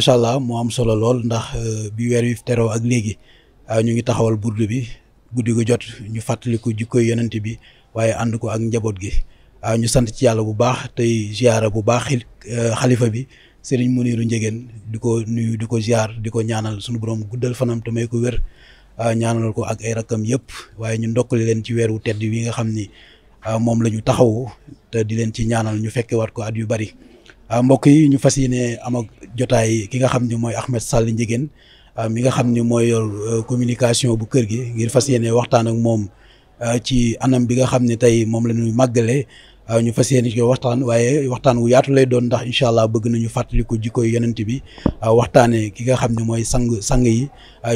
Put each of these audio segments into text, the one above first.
macha allah mu am solo lool ndax euh, bi weer wi teroo ak léegi euh, ñu ngi taxawal burdu bi guddi ko jot ñu fàttaliku jikkoy yonent bi waaye ànd ko ak njaboot gi euh, ñu sant ci yàlla bu baax tey ziara bu baax xalifa bi Serigne Mounirou Ndiéguène di ko nuyu di ko ziar di ko ñaanal suñu borom guddal fanam te may ko wér ñaanal ko ak ay rakkam yëpp waaye ñu ndokkale leen ci weeru tedd wi nga xam ni moom la ñu taxawu te di leen ci ñaanal ñu fekke waat ko at yu bari Euh, mbokk yi ñu fas yéene am ak jotaay ki nga xam ne mooy Ahmed Sall Ndiéguène euh, mi nga xam ni mooy yor euh, communication bu kër gi ngir fas yéene waxtaan ak moom ci anam bi nga xam ne tey moom la ñuy màggalee waaw ñu fas yéene ci waxtaan waaye waxtaan wu yaatu lay doon ndax incha allah bëgg nañu fàttali ko jikko yonent bi waxtaanee ki nga xam ne mooy sang sang yi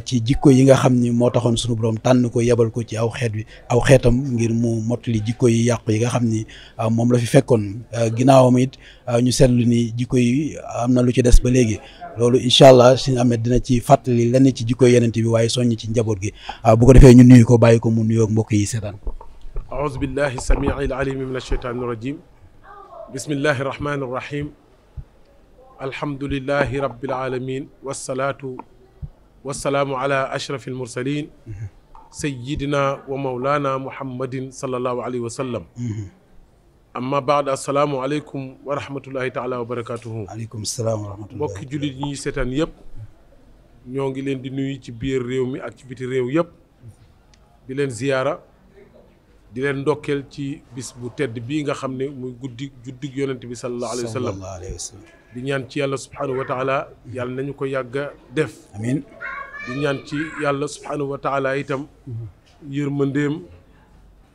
ci jikko yi nga xam ne moo taxoon sunu borom tànn ko yebal ko ci aw xeet bi aw xeetam ngir mu mottali jikko yi yàqu yi nga xam ni moom la fi fekkoon ginnaawam it ñu seetlu ni jikko yi am na lu ci des ba léegi loolu incha allah suñu amee dina ci fàttali lenn ci jikko yenent bi waaye soññ ci njaboot gi bu ko defee ñu nuyu ko bàyyi ko mu nuyoog mbokk yi seetaan أعوذ بالله السميع العليم من الشيطان الرجيم بسم الله الرحمن الرحيم الحمد لله رب العالمين والصلاة والسلام على أشرف المرسلين سيدنا ومولانا محمد صلى الله عليه وسلم amma baad asalaamualeykum wa rahmatullahi taala wa barakatuhu aleykum salaam wa rahmatullahi mbokki jullit ñuy seetaan yëpp ñoo ngi leen di nuyu ci biir réew mi ak ci biti réew yëpp di leen ziyaara di leen ndokkeel ci bis bu tedd bii nga xam ne muy guddi juddug yonent bi sallallahu alayhi wa di ñaan ci yàlla subhanahu wa taala yàlla nañu ko yàgg def amiin di ñaan ci yàlla subhanahu wa taala itam mhm. yërmandeem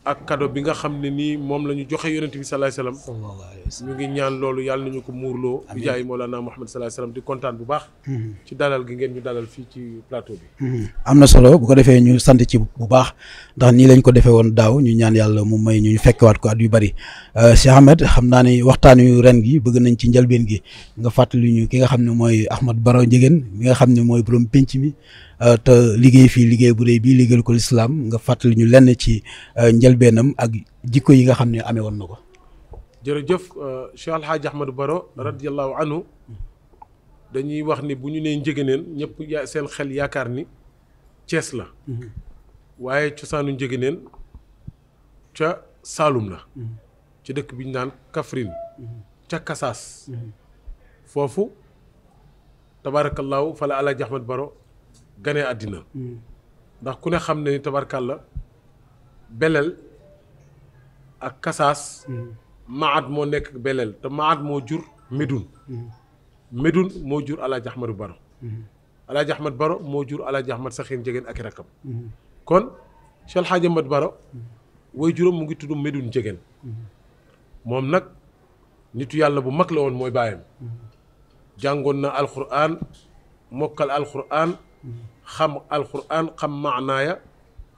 ak cadeau bi nga xam ne nii moom la ñu joxe yonent bi salaay salaam ñu ngi ñaan loolu yàlla nañu ko muurloo bi jaay Mawlana Muhammad salaay salaam di kontaan bu baax mhm. ci dalal gi ngeen ñu dalal fii ci plateau bi mhm. am na solo bu ko defee ñu sant ci bu baax ndax nii lañ ko defee woon daaw ñu ñaan yàlla mu may ñu fekkewaat ko at yu bari euh, Cheikh Ahmed xam naa ne waxtaan ren gi bëgg nañ ci njëlbeen gi nga fàttali ñu ki nga xam ne mooy Ahmed Baro Ndiéguène mi nga xam ne mooy borom pénc mi Euh, te liggéey fii liggéey bu rëy bii liggéeyal ko lislaam nga fàttali ñu lenn ci euh, njëlbeenam ak jikko yi nga xam ne amee woon na ko. jërëjëf euh, Cheikh El Hadj baro Baro radiyallahu anhu dañuy wax ni bu ñu nee njëgëneen ñëpp seen xel yaakaar ni Cees la. Mm-hmm. waaye cosaanu njëgëneen ca Saalum la. Mm-hmm. ci dëkk bi ñu naan kafrin mm-hmm. ca Kasaas. foofu tabaarakallaahu fa la El Hadj Baro. gane àddina hmm. ndax ku ne xam ne ni la beleel ak kasaas hmm. maat moo nekk beleel te maat moo jur medun hmm. medun moo jur alaaj ahmadu baro alaaj ahmad baro moo jur alaaj ahmad saxiin jegéen ak i rakkam kon Cheikh Alhaji baro way juróom mu ngi tudd medun jegéen moom nag nitu yàlla bu mag la woon mooy baayam jàngoon na alxuraan mokkal alxuraan xam alquran xam maanaaya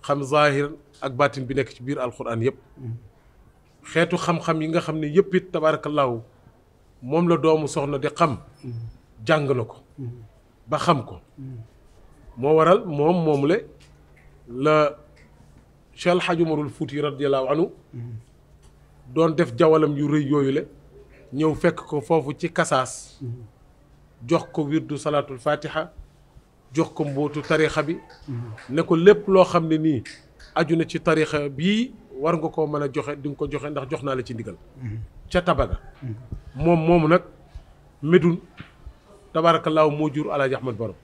xam zahir ak baatin bi nekk ci biir alquran yépp xeetu xam-xam yi nga xam ne yëpp it tabaarakallaahu moom la doomu soxna di xam jàng na ko ba xam ko moo waral moom moom le la Cheikh El Hadj Umarul Fuuti radiyallaahu doon def jawalam yu rëy yooyu le ñëw fekk ko foofu ci kasaas jox ko wirdu salaatul fatiha jox ko mbootu tarixa bi ne ko lépp loo xam ne nii aju na ci tarixa bii war nga koo mën a joxe di nga ko joxe ndax jox naa la ci ndigal ca tabaga moom moomu nag medun tabaarakallaahu moo jur alaaji ahmad baro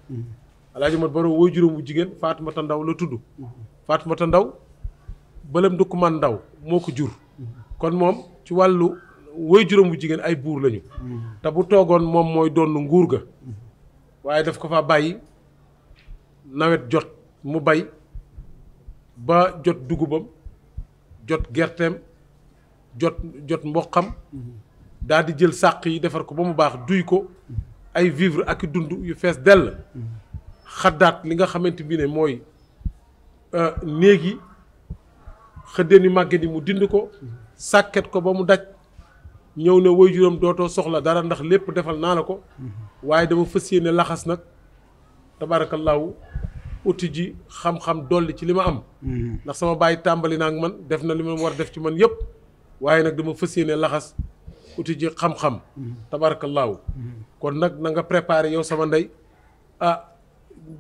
alaaji ahmad baro wooy juróom bu jigéen faatumata ndaw la tudd faatumata ndaw bëlëm man ndaw moo ko jur kon moom ci wàllu wooy juróom bu jigéen ay buur lañu. te bu toogoon moom mooy doon nguur ga waaye daf ko fa bàyyi nawet jot mu bay ba jot dugubam jot gerteem jot jot mboqam daal di jël sàq yi defar ko ba mu baax duy ko ay vivre ak dund yu fees dell xaddaat li nga xamante bi ne mooy euh, néeg yi xëddeen yu màgget yi mu dind ko sàkket ko ba mu daj ñëw ne woy juróom dootoo soxla dara ndax lépp defal naa la ko waaye dama fas yéene laxas nag tabaarakallaahu uti ji xam-xam dolli ci li ma am. Mm-hmm. ndax sama bàyyi tàmbali naa ak man def na li ma war def ci man yëpp waaye nag ma fas yéene laxas uti ji xam-xam. Mm-hmm. tabarakallaahu mm-hmm. kon nag na nga préparé yow sama ndey ah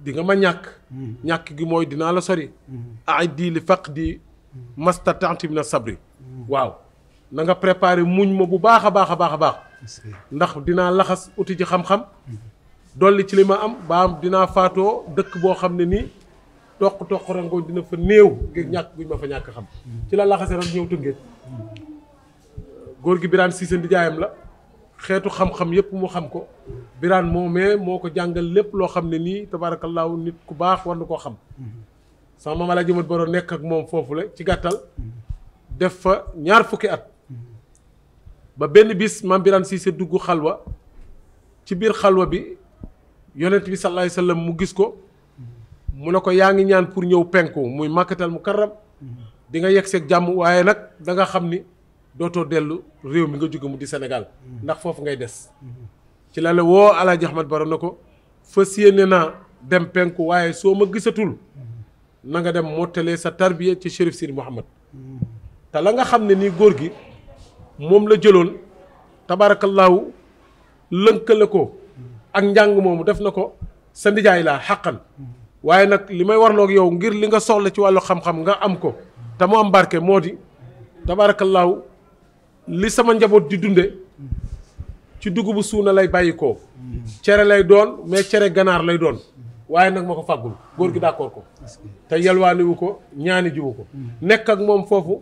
di nga ma ñàkk. ñàkk gi mooy dinaa la sori. ah dii li faq di masta tanti na sabri. waaw na nga préparé muñ ma bu baax a baax a baax a baax. ndax dinaa laxas uti ji xam-xam. dolli ci li ma am ba am dinaa faatoo dëkk boo xam ne nii toq toq rango dina fa néew ngir ñàkk guñ ma fa ñàkk xam ci la laxase nag ñëw tëngéej góor gi Birane Cissé di la xeetu xam-xam yépp mu xam ko Birane moomee moo ko jàngal lépp loo xam ne nii tabaarakallaahu nit ku baax war na koo xam sama maam Alaaji Mat Baro nekk ak moom foofu la ci gàttal def fa ñaar fukki at ba benn bis ma Birane siise dugg xalwa ci biir xalwa bi yonent bi sallallahu alayhi wasallam mu gis ko mu ne ko yaa ngi ñaan pour ñëw penku muy màkkatal mu karram di nga yegg seeg jàmm waaye nag da nga xam ni dootoo dellu réew mi nga jóge mu di Sénégal ndax foofu ngay des ci la la woo Alaaji Ahmad Baro na ko fas yéene naa dem penku waaye soo ma gisatul na nga dem mottalee sa tarbiya ci Chérif Sidi Mouhamad te la nga xam ne nii góor gi moom la jëloon tabaarakallaahu lënkale ko ak njàng moomu def na ko sa ndijaay laa xàqan waaye nag li may warloog yow ngir li nga soxla ci wàllu xam-xam nga am ko te mu am barke moo di tabaarakallaahu li sama njaboot di dunde ci dugubu suuna lay bàyyi koo cere lay doon mais cere ganaar lay doon waaye nag ma ko fàggul góor gi d'accord ko te yalwaaniwu ko ñaani jiwu ko nekk ak moom foofu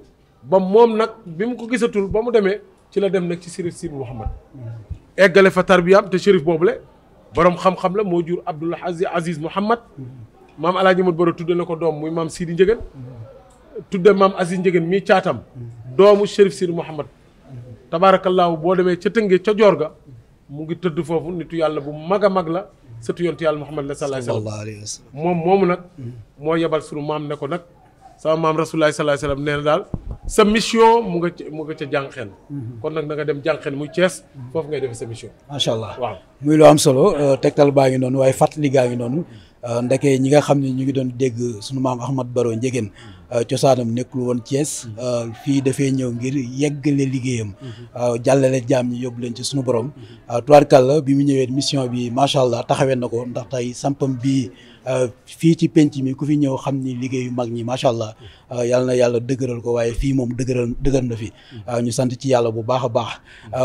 ba moom nag bi mu ko gisatul ba mu demee ci la dem nag ci sérif Sidi Mouhamad eggale fa tarbiyaam te shérif boobule borom xam-xam la moo jur Abdoul Aziz Mouhamad maam El Hadj Modou Boro tudde na ko doom muy maam Sidi Ndiégane tudde maam Aziz Ndiégane mii caatam doomu Chérif Sidi Mouhamad tabaarakallaahu boo demee ca Tëngéej ca Joor ga mu ngi tëdd foofu nitu yàlla bu mag a mag la sëtu yontu yàlla Mouhamad la sallallahu alayhi wa moom moomu nag moo yebal sunu maam ne ko nag. sama maam Rasulullah sallallahu alayhi wa sallam daal sa mission mu nga ca mu jànqeen. Mhm. kon nag na nga dem jànqeen muy Thiès mhm. foofu ngay defee sa mission. macha allah waaw muy loo am solo euh, tegtal baa ngi noonu waaye fàttali gaa ngi noonu euh, ndeke ñi nga xam ne ñu ngi doon dégg suñu maam Ahmad Baro Ndiéguène Euh, cosaanam nekkul woon Thiès. Mm-hmm. Euh, fii dafay ñëw ngir yegg yeggale liggéeyam. Mm-hmm. Euh, jàllale jaam ñi yóbbu leen ci suñu borom. Mm-hmm. tubaarkàlla bi mu ñëwee mission bi macha allah taxawee na ko ndax tey sampam bii fii ci penc mi ku fi ñëw xam ni liggéeyu mag ñi macha allah yal na yàlla dëgëral ko waaye fii moom dëgëral dëgër na fi. ñu sant ci yàlla bu baax a baax.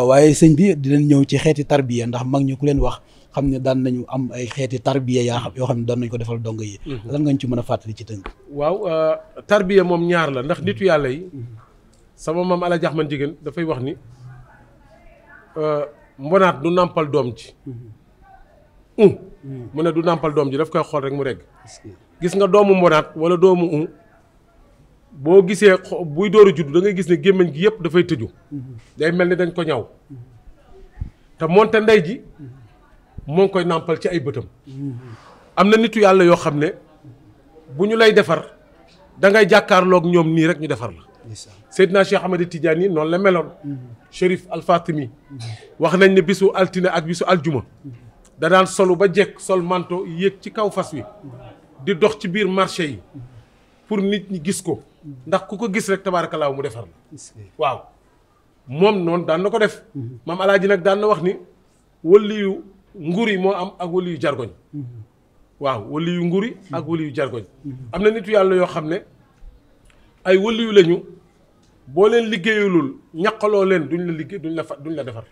waaye sëñ bi dinañ ñëw ci xeeti tarbiya ndax mag ñi ku leen wax. xam ne daan nañu am ay xeeti tarbiya yaa xam yoo xam ne daan nañ ko defal dongo yi mhm. lan nga ñu ci mën a fàttali ci tënk waaw euh, tarbiya moom ñaar la ndax nitu yàlla yi mhm. sama maam ala jaxman jigéen dafay wax ni euh, mbonaat du nàmpal doom ji mhm. un mu ne du nàmpal doom ji daf koy xool rek mu regg gis nga doomu mbonaat wala doomu un boo gisee buy door a judd da ngay gis ne gémmiñ gi yëpp dafay tëju day mel ni dañ ko ñaw te moonte ndey ji moo ngi koy nàmpal ci ay bëtam am na nitu yàlla yoo xam ne bu ñu lay defar da ngay jàkkaarloog ñoom nii rek ñu defar la Seydina Cheikh Ahmed Tidiane yi noonu la meloon mm-hmm. Chérif Alfatimi wax nañ ne bisu altine ak bisu aljuma da daan solu ba jekk sol manto yéet ci kaw fas wi di dox ci biir marché yi pour nit ñi gis ko ndax ku ko gis rek tabaarakalaaw mu defar la waaw moom noonu daan na ko def mm-hmm. maam alaaji nag daan na wax ni wëlliyu nguur yi moo am ak wali yu jargoñ waaw wali yu nguur yi ak wali yu jargoñ am na nitu yàlla yoo xam ne ay wali yu lañu boo leen liggéeyalul ñaqaloo leen duñ la liggéey duñ la fa duñ la defar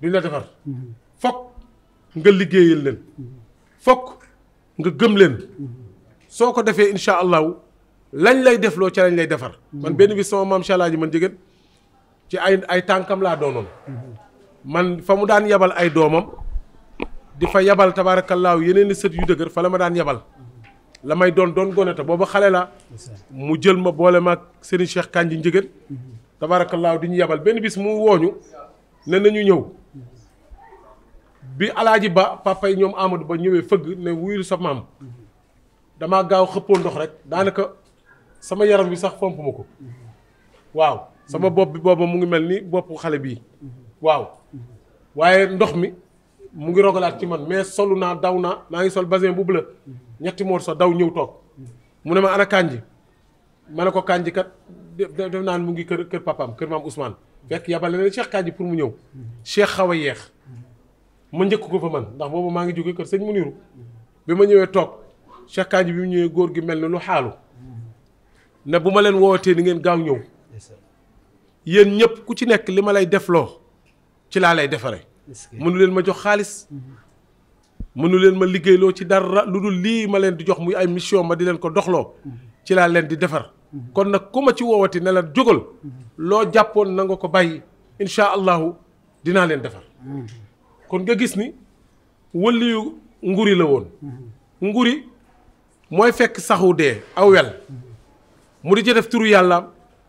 duñ la defar fokk nga liggéeyal leen fokk nga gëm leen soo ko defee incha allahu lañ lay def loo ca lañ lay defar man benn bis sama maam Cheikh man jigéen ci ay ay tànkam laa doonoon man fa mu daan yabal ay doomam di fa yabal tabaarakallaahu yeneen i sët yu dëgër fa la ma daan yabal la may doon doon gone te booba xale la mu jël ma boole ma ak Serigne Cheikh Kandji Njëgër tabaarakallaahu di ñu yabal benn bis mu wooñu ne nañu ñëw bi alaaji ba papa yi ñoom Amadou ba ñëwee fëgg ne wuyul sa maam damaa gaaw xëppoo ndox rek daanaka sama yaram wi sax fomp ko waaw sama bopp bi booba mu ngi mel ni boppu xale bii waaw waaye ndox mi mu ngi rogalaat ci man mais solu naa daw naa maa ngi sol basin bu bleu ñetti morso daw ñëw toog mu ne ma ana Kandji ma ne ko Kandji kat def naan mu ngi kër kër papaam kër maam Ousmane fekk yabal na Cheikh Kandji pour mu ñëw Cheikh xaw a yeex ma njëkk ko fa man ndax boobu maa ngi jóge kër sëñ Muniru bi ma ñëwee toog Cheikh Kandji bi mu ñëwee góor gi mel ni lu xaalu ne bu ma leen woowatee li ngeen gaaw ñëw yéen ñëpp ku ci nekk li ma lay def loo ci laa lay defaree. mënu leen ma jox xaalis. mënu leen ma liggéeyloo ci dara lu dul lii ma leen di jox muy ay mission ma di leen ko doxloo. ci laa leen di defar. kon nag ku ma ci woowati ne la jógal. loo jàppoon nanga ko bàyyi incha allahu dinaa leen defar. kon nga gis ni wëliyu nguri la woon. nguri mooy fekk saxu dee aw wel mu di ci def turu yàllaam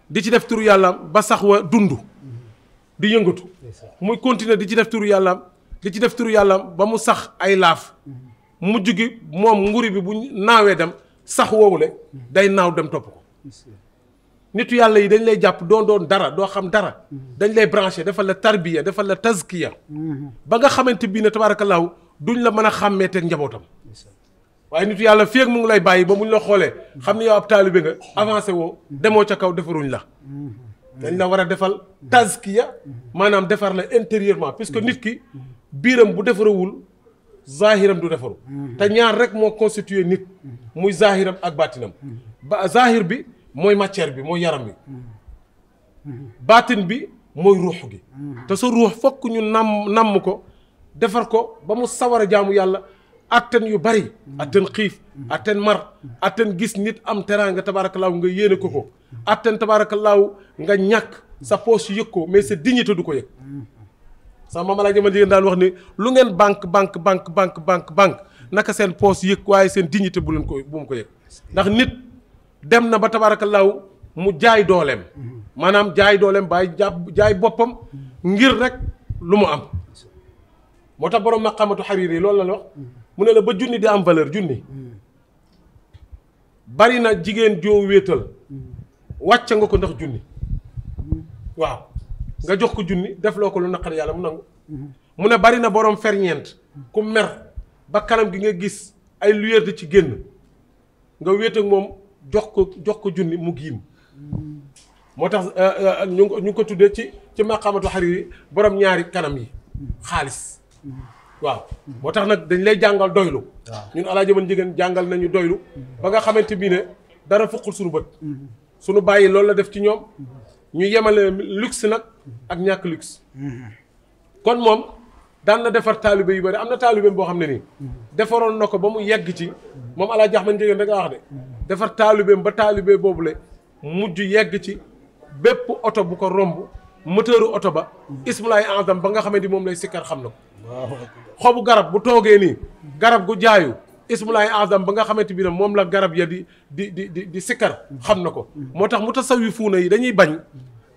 di ci def turu yàlla ba sax wa dund. di yëngatu muy continuer di ci def turu yàllaam di ci def turu yàllaam ba mu sax ay laaf mujj gi moom nguri bi bu naawee dem sax woowule day naaw dem topp ko nitu yàlla yi dañ lay jàpp doon doon dara doo xam dara dañ lay branché defal la tarbiya defal la tazkiya ba nga xamante bii ne tabaarakallaahu duñ la mën a xàmmee teg njabootam waaye nitu yàlla fii ak mu ngi lay bàyyi ba muñ la xoolee xam ne yow ab taalibe nga avancé woo demoo ca kaw defaruñ la dañ la war a defal tazkiya maanaam defar la intérieurement puisque nit ki biiram bu defarawul zahiram du defaru te ñaar rek moo constituer nit muy zahiram ak baatinam ba bi mooy matière bi mooy yaram bi baatin bi mooy ruux gi te sa ruux fokk ñu namm ko defar ko ba mu sawar a jaamu yàlla attan yu bari attan xiif atten mar atten gis nit am teraanga tabaarakallaahu nga yéene ko ko atten attan laaw nga ñàkk sa poche yëg ko mais sa dignité du ko yëg sama maam Alaaji Malick daal wax ni lu ngeen banque banque banque banque banque banque naka seen poos yëg waaye seen dignité bu leen ko bu mu ko yëg ndax nit dem na ba tabaarakallaahu mu jaay dooleem maanaam jaay dooleem bàyyi jaay boppam ngir rek lu mu am moo tax borom maqaamatu xariir yi loolu la wax mu ne la ba junni di am valeur junni mm. bari na jigéen joo wéetal mm. wàcc nga ko ndax junni mm. waaw nga jox ko junni def loo ko lu naqar yàlla mu na mm-hmm. mu ne bari na borom ferñeent ku mer ba kanam gi nga gis ay lueur di ci génn nga wéet moom jox ko jox ko junni mu giim mm-hmm. moo tax euh, euh, ñu ngi ko tuddee ci ci maqaamatu xarir yi borom ñaari kanam yi mm-hmm. xaalis waaw moo tax nag dañ lay jàngal doylu ñun alaaji man jigéen jàngal nañu doylu ba nga xamante bi ne dara fuqul suñu bët suñu bàyyi loolu la def ci ñoom ñu yemale luxe nag ak ñàkk luxe kon moom daan na defar taalibe yu bëri am na taalibe boo xam ne nii defaroon na ko ba mu yegg ci moom alaaji man jigéen da nga wax de defar taalibeem ba taalibe boobule mujj yegg ci bépp oto bu ko romb moteuru oto ba ismulaay azam ba nga xamante ni moom lay sikkar xam na ko xobu garab bu toogee nii garab gu jaayu ismulaay azam ba nga xamante bi ne moom la garab ya di di di di di sikkar xam na ko moo tax mu tasawi fuuna yi dañuy bañ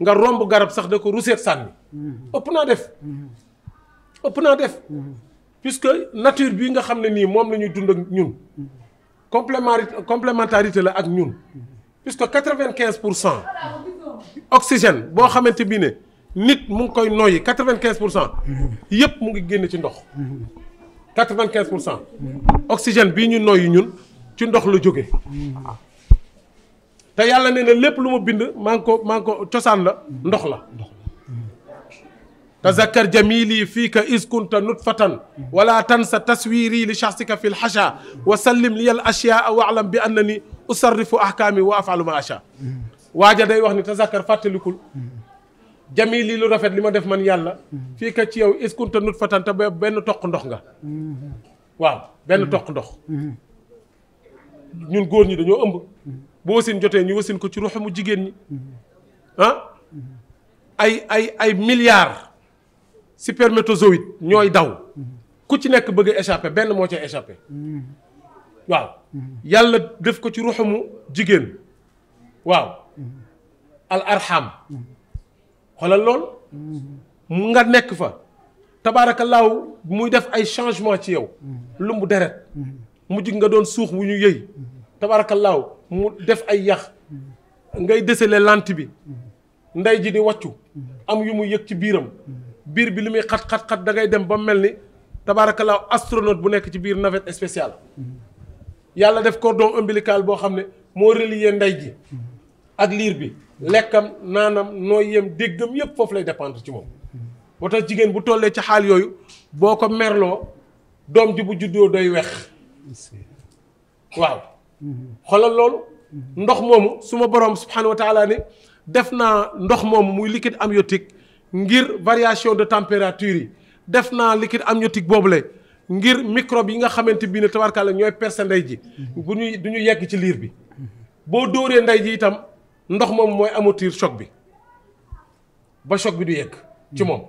nga romb garab sax da ko ruseet sànni ëpp naa def ëpp naa def puisque nature bi nga xam ne nii moom la ñuy dund ak ñun complémentarité complémentarité la ak ñun puisque quatre-vingt-quinze pour cent oxygène boo xamante bii ne nit mu ngi koy noyyi quatre-vingt-quinze pour cent yëpp mu ngi génn ci ndox quatre-vingt-quinze pour cent oxygène bii ñu noyyi ñun ci ndox la jóge te yàlla nee na lépp lu ma bind maa ngi ko maa ko cosaan la ndox la tazakkar jamili fii ka iskunta nutfatan wala tansa taswiri li shaxsika fi lxacha wa sallim li al achyaa wa alam bi anna ni usarrifu ahkaami wa afalu ma waa ja day wax ni tasakkar fàttalikul jami lii lu rafet li ma def man yàlla fii ka ci yow iskunta nut fatanta ba benn toq ndox nga waaw benn toq ndox ñun góor ñi dañoo ëmb bu wasin jotee ñu wasin ko ci ruxu mu jigéen ah? ay ay ay milliards spermatozoïdes ñooy daw ku ci nekk bëgg a benn moo ci échappé waaw yàlla def ko ci ruxu jigéen waaw al arham xoolal lool nga nekk fa tabaarakallaahu muy def ay changement ci yow lumbu deret mu mujj nga doon suux wu ñu yëy tabaarakallaahu mu def ay yax ngay desale lant bi ndey ji di waccu am yu mu yëg ci biiram biir bi li muy xat xat xat da dem ba mel ni tabaarakallaahu astronaute bu nekk ci biir navette spéciale yàlla def cordon ombilical boo xam ne moo relier ndey ji ak liir bi lekkam naanam nooyeem déggam yépp foofu lay dépendre ci moom moo jigéen bu tollee ci xaal yooyu boo ko merloo doom ji bu juddoo day weex waaw xoolal loolu ndox moomu suma borom subhanahu wa taala ne def naa ndox moomu muy liquide amniotique ngir variation de température yi def naa am liquide boobu boobule ngir microbe yi nga xamante bi ne tabarkaale ñooy perse nday ji mm-hmm. bu ñuy du ñu yegg ci liir bi boo dóoree nday ji itam ndox moom mooy amortir choc bi ba choc bi du yegg ci moom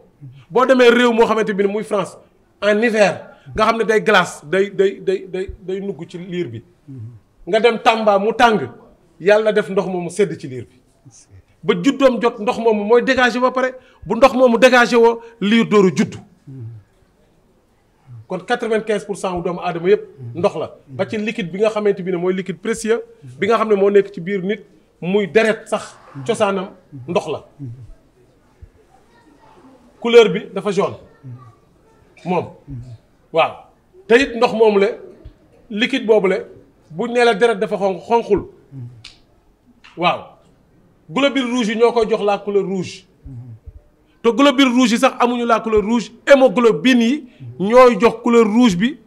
boo demee réew moo xamante bi ne muy France en hiver nga xam ne day glace day day day day day nugg ci liir bi nga dem Tamba mu tàng yàlla def ndox mu sedd ci liir bi ba juddoom jot ndox moomu mooy dégagé ba pare bu ndox mu dégagé woo liir dooru judd kon quatre-vingt-quinze pour cent wu doomu aadama yëpp ndox la ba ci liquide bi nga xamante bi ne mooy liquide précieux bi nga xam ne moo nekk ci biir nit muy deret sax cosaanam ndox la couleur bi dafa jaune moom waaw te it ndox moomu le liquide boobu le bu nee la deret dafa xon xonqul waaw globules rouges yi ñoo koy jox la couleur rouge te globules rouges yi sax amuñu la couleur rouge hémoglobine yi ñooy jox couleur rouge bi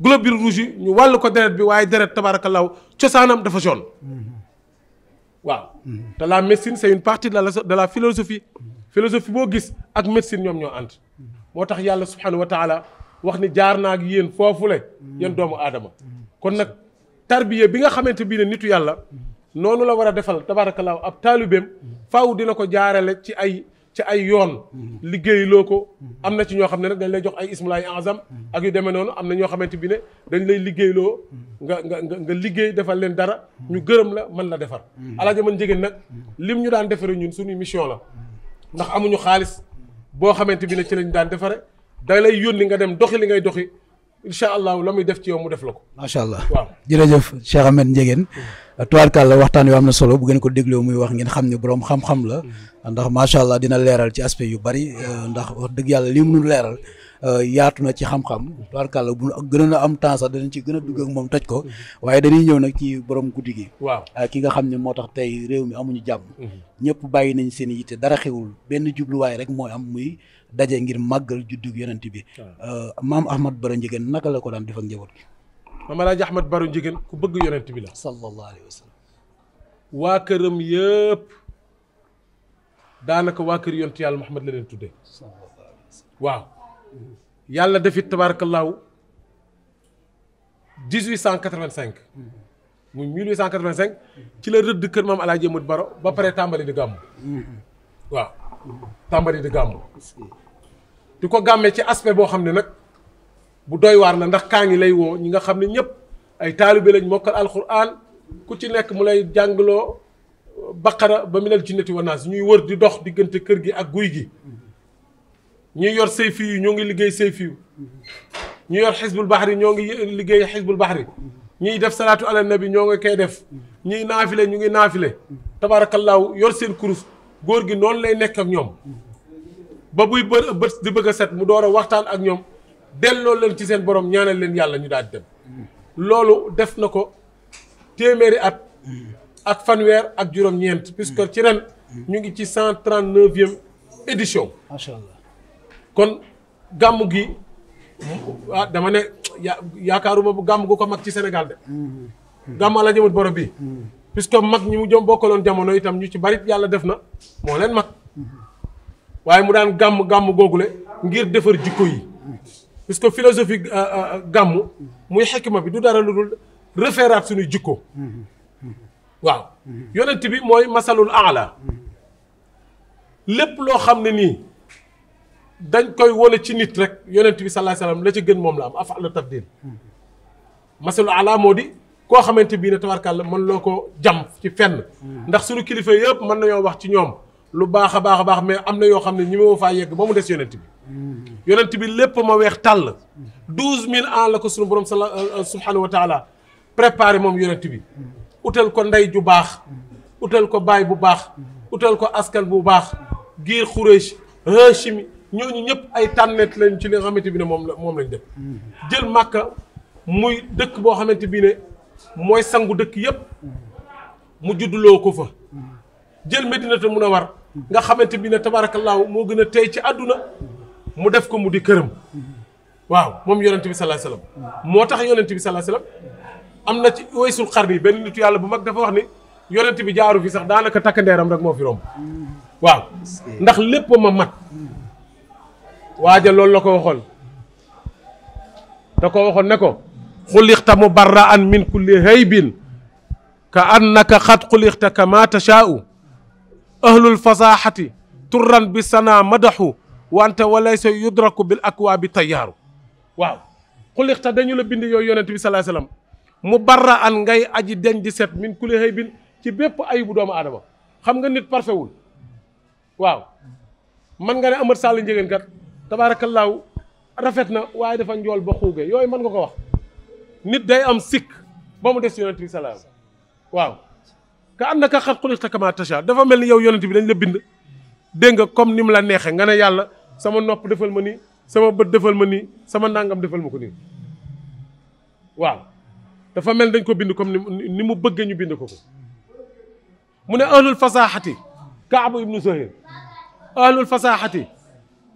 globules rouges yi ñu wàllu ko deret bi waaye deret tabarakallaahu cosaanam dafa jaune waaw te la médecine c'est une partie de la de la philosophie philosophie boo gis ak médecine ñoom ñoo ant moo tax yàlla subhanahu wa taala wax ni jaar naa ak yéen foofu le yéen doomu aadama kon nag tarbiya bi nga xamante bii ne nitu yàlla noonu la war a defal tabaarakallaahu ab taalibeem faaw dina ko jaarale ci ay ci ay yoon mm-hmm. liggéey loo ko mm-hmm. am na ci ñoo xam ne rek dañ lay jox ay ismulaay azam mm-hmm. ak yu demee noonu am na ñoo xamante bi ne dañ lay liggéey loo nga nga nga liggéey defal leen dara ñu gërëm la mën la defar alaaja man jigéen nag lim ñu daan defare ñun suñu mission la ndax amuñu xaalis boo xamante bi ne ci lañ daan defare da lay yónni nga dem doxi li ngay doxi incha allah la muy def ci yow mu def la ko. macha allah waaw jërëjëf Cheikh Ahmed Ndiéguène. Mm-hmm. tubaarkàlla waxtaan wi am na solo bu ngeen ko dégloo muy wax ngeen xam ne borom xam-xam la. Mm-hmm. ndax macha allah dina leeral ci aspect yu bari. Mm-hmm. Euh, ndax dëgg yàlla li mu leeral. Euh, yaatu na ci xam-xam tubaarkàlla bu gënoon a am temps danañ ci gën a dugg ak moom toj ko waaye dañuy ñëw nag ci borom guddi gi waaw ki nga xam ne moo tax tey réew mi amuñu jàmm ñëpp bàyyi nañ seen yitte dara xewul benn jubluwaay rek mooy am muy daje ngir màggal juddug yonent bi. Euh, maam Ahmad Baro Ndiéguène naka la ko daan def ak njaboot gi. maam El Hadj Baro Ndiéguène ku bëgg yonent bi la. sallallahu alayhi wa sallam. waa këram waa kër yontu yàlla Muhammad la leen tuddee. waaw. yàlla defit tabaarakallaahu muy ci la rëdd kër maam El Hadj Baro ba pare tàmbali di gàmm. Mm-hmm. waaw. tàmbali di gàmmu di ko gàmmee ci aspect boo xam ne nag bu doy waar la ndax kaa ngi lay woo ñi nga xam ne ñëpp ay taalibe lañ mokkal alxuraan ku ci nekk mu lay jàngloo uh, baqara ba minal jinnati wa naas ñuy wër di dox diggante kër gi ak guy gi ñuy yor sayfi yu ñoo ngi liggéey sayfi yu ñu yor xisbul yi ñoo ngi liggéey xisbul baxri ñuy def salaatu ala nabi ñoo ngi koy def ñuy naafile ñu ngi naafile laaw yor seen kurus góor gi noonu lay nekk ak ñoom ba buy bë bët di bëgg a set mu door a waxtaan ak ñoom delloo leen ci seen borom ñaanal leen yàlla ñu daal dem loolu def na ko téeméeri at ak fanweer ak juróom-ñeent puisque ci ren ñu ngi ci cent trente neuvième édition macha allah kon gàmm gi ah dama ne yaakaaruma bu gàmm gu ko mag ci Sénégal de mm-hmm. gàmm ala jëmat borom bi mm-hmm. puisque mag ñi mu jëm bokkaloon jamono itam ñu ci bari yàlla def na moo leen mag waaye mu daan gàmm gàmm googule ngir defar jikko yi que philosophie euh, euh, gàmm muy xikma bi du dara lu dul refeeraat suñuy jikko waaw yonent bi mooy masalul aala lépp loo xam ne nii dañ koy wane ci nit rek yonent bi sallallahu alayhi wasallam la ci gën moom la am afala tafdil masalul aala moo di koo xamante bii ne la mën loo ko jam ci fenn ndax suñu kilifa yëpp mën nañoo wax ci ñoom lu baax a baax a baax mais am na yoo xam ne ñi ma faa yegg ba mu des yonent bi yonent bi lépp ma weex tàll douze mille en la ko suñu borom sala euh, subhanahu wa taala préparé moom yonent bi utal ko ndey ju baax utal ko baay bu baax utal ko askan bu baax giir xurees hachimi ñooñu ñëpp ay tànnet lañ ci li xamante bi ne moom la moom lañ def jël màkka muy dëkk boo xamante bi ne mooy sangu dëkk yépp mu judduloo ko fa jël a war nga xamante bi ne tabaarakallaahu moo gën a tey ci àdduna mu def ko mu di këram waaw moom yonent bi salaa salaam moo tax yonent bi salaa salaam am na ci xar xarni benn nitu yàlla bu mag dafa wax ni yonent bi jaaru fi sax daanaka takkandeeram rek moo fi romb waaw ndax lépp ma mat waaja loolu la ko waxoon da ko waxoon ne ko xulixta mubarraan min kulli haybin ka annaka xat xulixta kama tachaau ahlul fasaxati turran bi sana madaxu wa anta walaysa yudraku bil akwaabi tayyaaru waaw xulixta dañu la bind yooyu yonent bi salaa salaam mubarraan ngay aji deñ di set min kulli haybin ci bépp ayibu doomu aadama xam nga nit parfait wul waaw man nga ne Amar Sall njëgeen kat tabaarakallaahu rafet na waaye dafa njool ba xuuge yooyu mën nga ko wax nit day am sikk ba mu des yonent bi salaam waaw ka annaka xat xuliqta kama tasha dafa mel ni yow yonent bi dañ la bind dégg nga comme ni mu la neexee nga ne yàlla sama nopp defal ma nii sama bët defal ma nii sama nangam defal ma ko nii waaw dafa mel ni dañ koo bind comme ni mu bëggee ñu bind ko ko mu ne ahlul fasaxati kaabu ibnu zohir ahlul fasaxati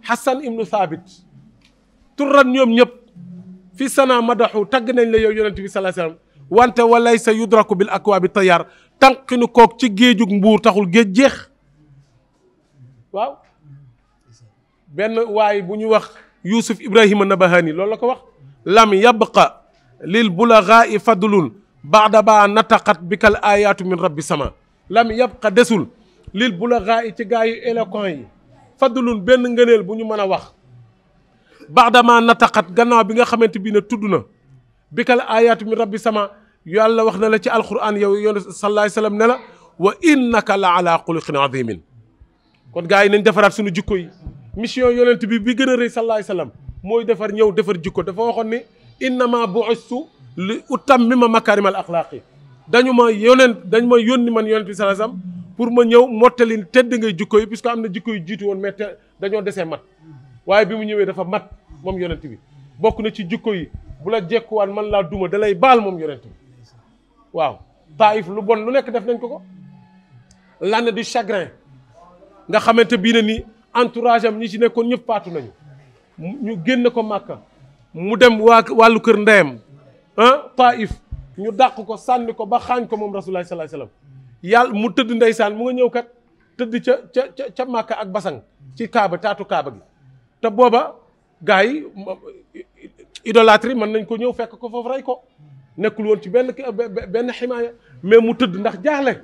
xasan ibnu saabit turan ñoom ñëpp fi sana madaxu tagg nañ la yow yonent bi sallallahu alayhi wasallam wante walay sa yudraku bil akwaabi tayaar tànqinu koog ci géejug mbuur taxul géej jeex waaw benn waay bu ñu wax Youssouf Ibrahima Nabahani loolu la ko wax lam yabqa lil bulaxaai fadlun baada ba bi kal ayaatu min rabbi sama lam yabqa desul lil bulaxaai ci gaa yu éloquent yi fadlun benn ngëneel bu ñu mën a wax baadama nataqat gannaaw bi nga xamante bi ne tudd na bi kal ayaatu min rabbi sama yàlla wax na la ci alquran yow yoon sallallahu alayhi wasallam ne la wa innaka la ala xuluqin azimin kon gars yi nañ defaraat suñu jikko yi mission yonent bi bi gën a rëy sallallahu alayhi wasallam mooy defar ñëw defar jikko dafa waxoon ni innama bu'istu li utammima makarimal axlaaqi dañu ma yonent dañu ma yónni man yonent bi sallallahu alayhi wasallam pour ma ñëw mottali tedd ngay jikko yi puisque am na jikko yu jiitu woon mais dañoo desee mat waaye bi mu ñëwee dafa mat moom yonent bi bokk na ci jukko yi bu la jekkuwaan man laa duma da baal moom yonent bi waaw taayif lu bon lu nekk def nañ ko ko l'année du chagrin nga xamante bii na ni entourage am ñu ci nekkoon ñëpp faatu nañu ñu génne ko màkka mu dem waa wàllu kër ndeyam ah taif ñu dàq ko sànni ko ba xaañ ko moom rasulullah sallallahu alayhi wasallam yàlla mu tëdd ndeysaan mu nga ñëw kat tëdd ca ca ca ca màkka ak basang ci kaaba taatu kaaba gi te booba gars yi idolâtrie mën nañ ko ñëw fekk ko foofu rey ko nekkul woon ci benn benn ximaaya mais mu tëdd ndax jaaxle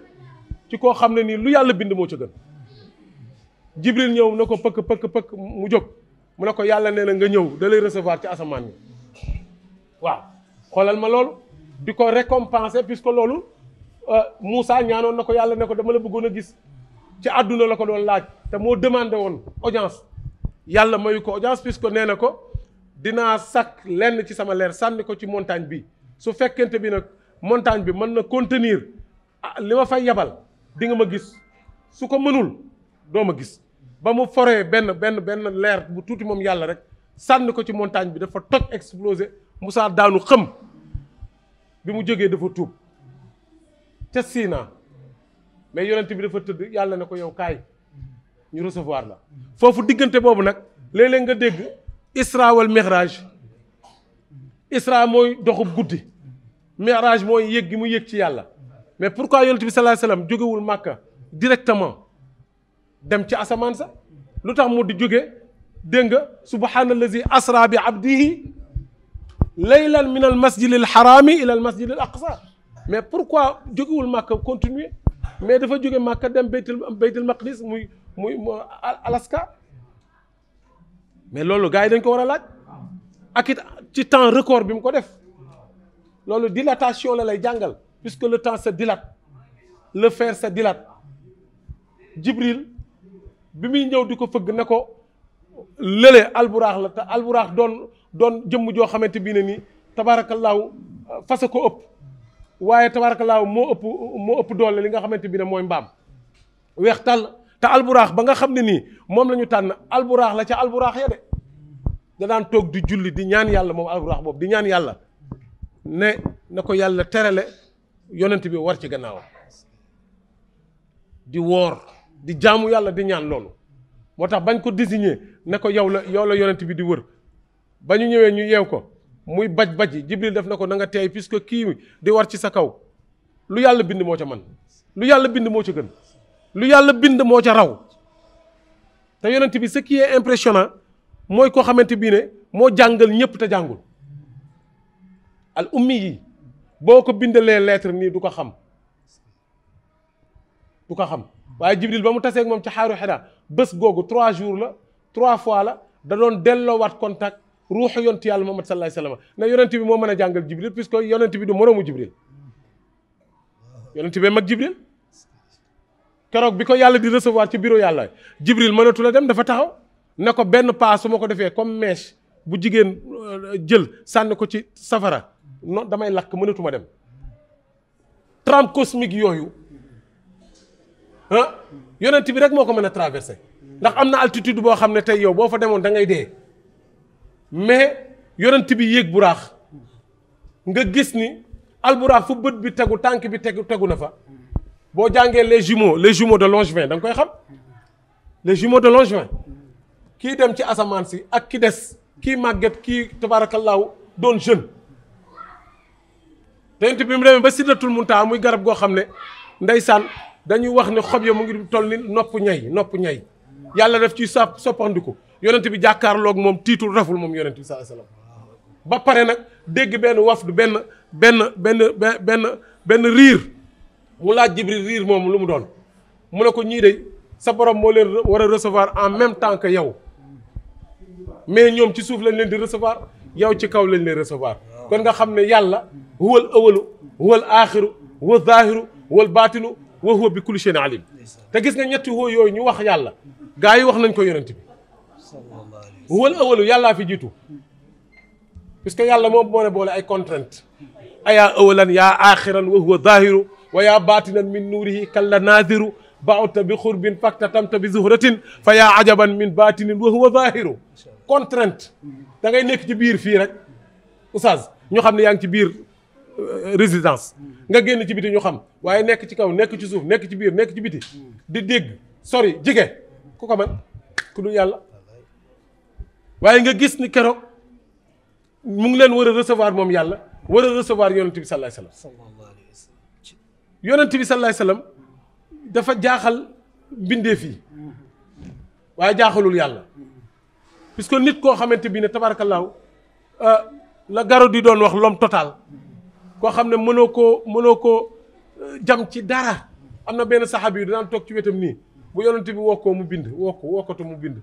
ci koo xam ne nii lu yàlla bind moo ca gën jibril ñëw na ko pëkk pëkk mu jóg mu ne ko yàlla nee na nga ñëw dalay lay recevoir ci asamaan yi waaw xoolal ma loolu di ko récompenser ko loolu euh, Moussa ñaanoon na ko yàlla ne ko dama la bëggoon a gis ci àdduna la ko doon laaj te moo demandé woon audience yàlla mayu ko audience puisque nee na ko dinaa sakk lenn ci sama leer sànni ko ci montagne bi su fekkente bi nag montagne bi mën na contenir ah, li ma fa yabal di nga ma gis su ko mënul doo ma gis ba mu foree benn benn benn leer bu tuuti moom yàlla rek sànni ko ci montagne bi dafa toj explosé Moussa daanu xëm bi mu jógee dafa tuub ca Sina mais yonent bi dafa tëdd yàlla ne ko yow kaay ñu recevoir la foofu diggante boobu nag léeg-léeg nga dégg isra wal mi'raj isra mooy doxub guddi mi'raj mooy yëg gi mu yéeg ci yàlla mais pourquoi yonent bi sallallahu alayhi wasallam jógewul màkk directement dem ci asamaan sax lu tax mu di jóge dégg nga subhanallazi asra bi abdihi laylan min al masjid al harami ila al masjid al aqsa mais pourquoi jógewul màkk continuer mais dafa jóge màkka dem baytul baytul maqdis muy muy Alaska mais loolu gars yi dañ ko war a laaj ak it ci temps record bi mu ko def loolu dilatation la lay jàngal puisque le temps sa dilate le fer sa dilat Jibril bi muy ñëw di ko fëgg ne ko lële alburaax la te alburaax doon doon jëmm joo xamante bii ne nii laaw fasa ko ëpp waaye tabaarakallaahu moo ëpp moo ëpp doole li nga xamante bi ne mooy mbaam weex tàll te alburaax ba nga xam ne nii moom lañu tànn alburaax la ca alburaax ya de da daan toog di julli di ñaan yàlla moom alburaax boobu di ñaan yàlla ne ne ko yàlla terale yonent bi war ci gannaawam di woor di jaamu yàlla di ñaan loolu moo tax bañ ko désigné ne ko yow la yow la yonent bi di wër ba ñu ñëwee ñu yeew ko muy baj baj jibril def na ko na nga teey puisque kii di war ci sa kaw lu yàlla bind moo ca man lu yàlla bind moo ca gën lu yàlla bind moo ca raw te yonent bi ce qui est impressionnant mooy koo xamante bii ne moo jàngal ñëpp te jàngul al ummi yi boo ko bindalee lettre nii du ko xam du ko xam waaye Jibril ba mu taseeg moom ci xaaru xeda bës googu trois jours la trois fois la da doon delloowaat contact ruuxu yontu yàlla Muhammad sallallahu alayhi wa sallam ne yonent bi moo mën a jàngal Jibril puisque yonent bi du moroomu Jibril yonent bee mag Jibril keroog bi ko yàlla di recevoir ci bureau yàlla Jibril mënatu la dem dafa taxaw ne ko benn pas su ma ko defee comme mèche bu jigéen euh, jël sànni ko ci safara non damay lakk mënatu ma dem trame cosmique yooyu ah yonent bi rek moo ko mën a traversé ndax am na altitude boo xam ne tey yow boo fa demoon da ngay dee mais yonent bi yéeg buraax nga gis ni alburaax fu bët bi tegu tànk bi tegu tegu na fa boo jàngee les jumeaux les jumeaux de Longevin da nga koy xam les jumeaux de Longevin kii dem ci asamaan si ak ki des kii màgget kii tabaarakallaahu doon jeune te bi mu demee ba sidratul muntaha muy garab goo xam ne ndeysaan dañuy wax ne xob ya mu ngi toll ni nopp ñay nopp ñay yàlla def ci sa soppandiku yonent bi jàkkaarloog moom tiitul raful moom yonent bi saa la ba pare nag dégg benn wafdu benn benn benn benn benn benn riir mu laaj Jibril riir moom lu mu doon mu ne ko ñii de sa borom moo leen war a recevoir en même temps que yow mais ñoom ci suuf lañ leen di recevoir yow ci kaw lañ leen recevoir kon nga xam ne yàlla huwal awalu huwal aaxiru huwa zaahiru huwal baatinu wa huwa bi kulli shay'in alim te gis nga ñetti woo yooyu ñu wax yàlla gaa yi wax nañ ko yonent bi huwal awalu yàllaa fi jiitu parce que yàlla moom moo ne boole ay contrainte ayaa awalan yaa aaxiran wa huwa zaahiru wa yaa baatinan min nuurihi kalla naaziru baawta bi xurbin faktatamta bi zuhratin fa yaa ajaban min baatinin wa huwa zaahiru contrainte da ngay nekk ci biir fii rek oustaz ñu xam ne yaa ngi ci biir euh, résidence nga génn ci biti ñu xam waaye nekk ci kaw nekk ci suuf nekk ci biir nekk ci biti di dégg sori jige ku ko yàlla waaye nga gis ni keroog mu ngi leen war a recevoir moom yàlla war a recevoir yonent bi sallallahu alayhi wasallam yonent bi sallallahu alayhi dafa jaaxal bindee yi waaye jaaxalul yàlla puisque nit koo xamante bi ne tabarakallaahu euh, la garo di doon wax l'homme total koo xam ne mënoo koo mënoo koo euh, jam ci dara am na benn saxaabi yu daan toog ci wetam nii bu yonent bi wokkoo mu bind wokk wokkatu mu bind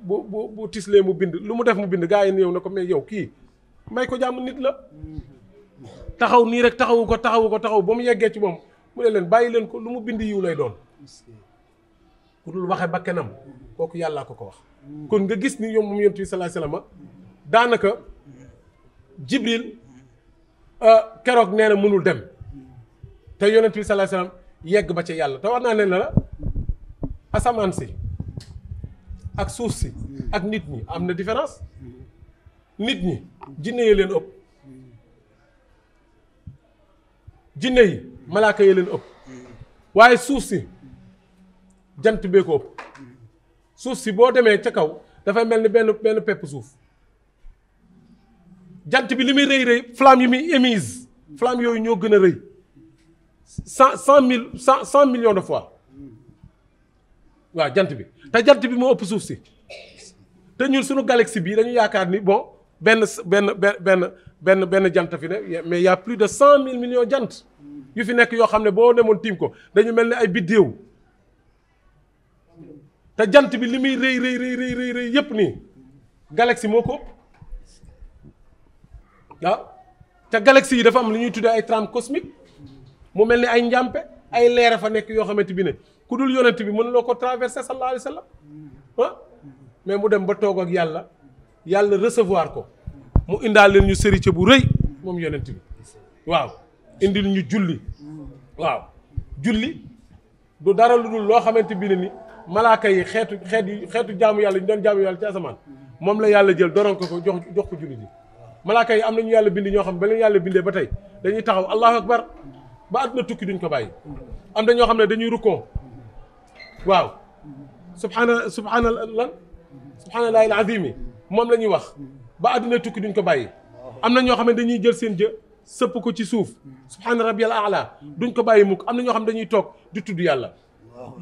bu bu bu tislee mu bind lu mu def mu bind gaa yi yow ne ko mais yow kii may ko jàmm nit la taxaw nii rek taxawu ko taxawu ko taxaw ba mu yeggee ci moom mu ne leen bàyyi leen ko lu mu bind yiw lay doon ku dul waxe bakkanam kooku yàllaa ko ko wax kon nga gis ni yow moom yonent bi sallallahu daanaka jibril euh, keroog nee na mënul dem te yonent bi sallallahu yegg ba ca yàlla te wax naa leen la asamaan si ak suuf si ak nit ñi am na différence nit ñi jinne yi leen ëpp jinne yi malaaka yi leen ëpp waaye suuf si jant bee ko ëpp suuf si boo demee ca kaw dafay mel ni benn benn pepp suuf jant bi li muy rëy rëy flamme yi muy émise flamme yooyu ñoo gën a rëy cent cent mille cent cent millions de fois waaw jant bi te jant bi moo ëpp suuf si te ñun sunu galaxie bii dañu yaakaar ni bon benn benn benn benn benn benn jant fi ne mais y' plus de cent mille millions jant yu fi nekk yoo xam ne boo demoon tiim ko dañu mel ni ay biddéew te jant bi li muy rëy rëy rëy rëy rëy yëpp nii galaxie moo ko waaw te galaxie yi dafa am lu ñuy tuddee ay trame cosmique mu mel ni ay njàmpe ay leer fa nekk yoo xamante bi ne ku dul yonent bi mën loo ko traverse sallallahu alayhi wa sallam ah mais mu dem ba toog ak yàlla yàlla recevoir ko. mu indaal leen ñu sërite bu rëy moom yonent bi waaw indil ñu julli waaw julli du dara lu dul loo xamante bi ne ni malaaka yi xeetu xeet yu xeetu jaamu yàlla ñu doon jaamu yàlla ci asamaan moom la yàlla jël doron ko ko jox ko julli ji malaaka yi am nañu yàlla bind ñoo xam ba leen yàlla bindee ba tey dañuy taxaw allahu akbar ba àdduna tukki duñ ko bàyyi am na ñoo xam ne dañuy rukkoo waaw subhaana subhaana lan subhaanallaahi al aziim moom la ñuy wax ba àdduna tukki duñ ko bàyyi am na ñoo xam ne dañuy jël seen jë sëpp ko ci suuf subhaana rabbiyal aala duñ ko bàyyi mukk am na ñoo xam ne dañuy toog di tudd yàlla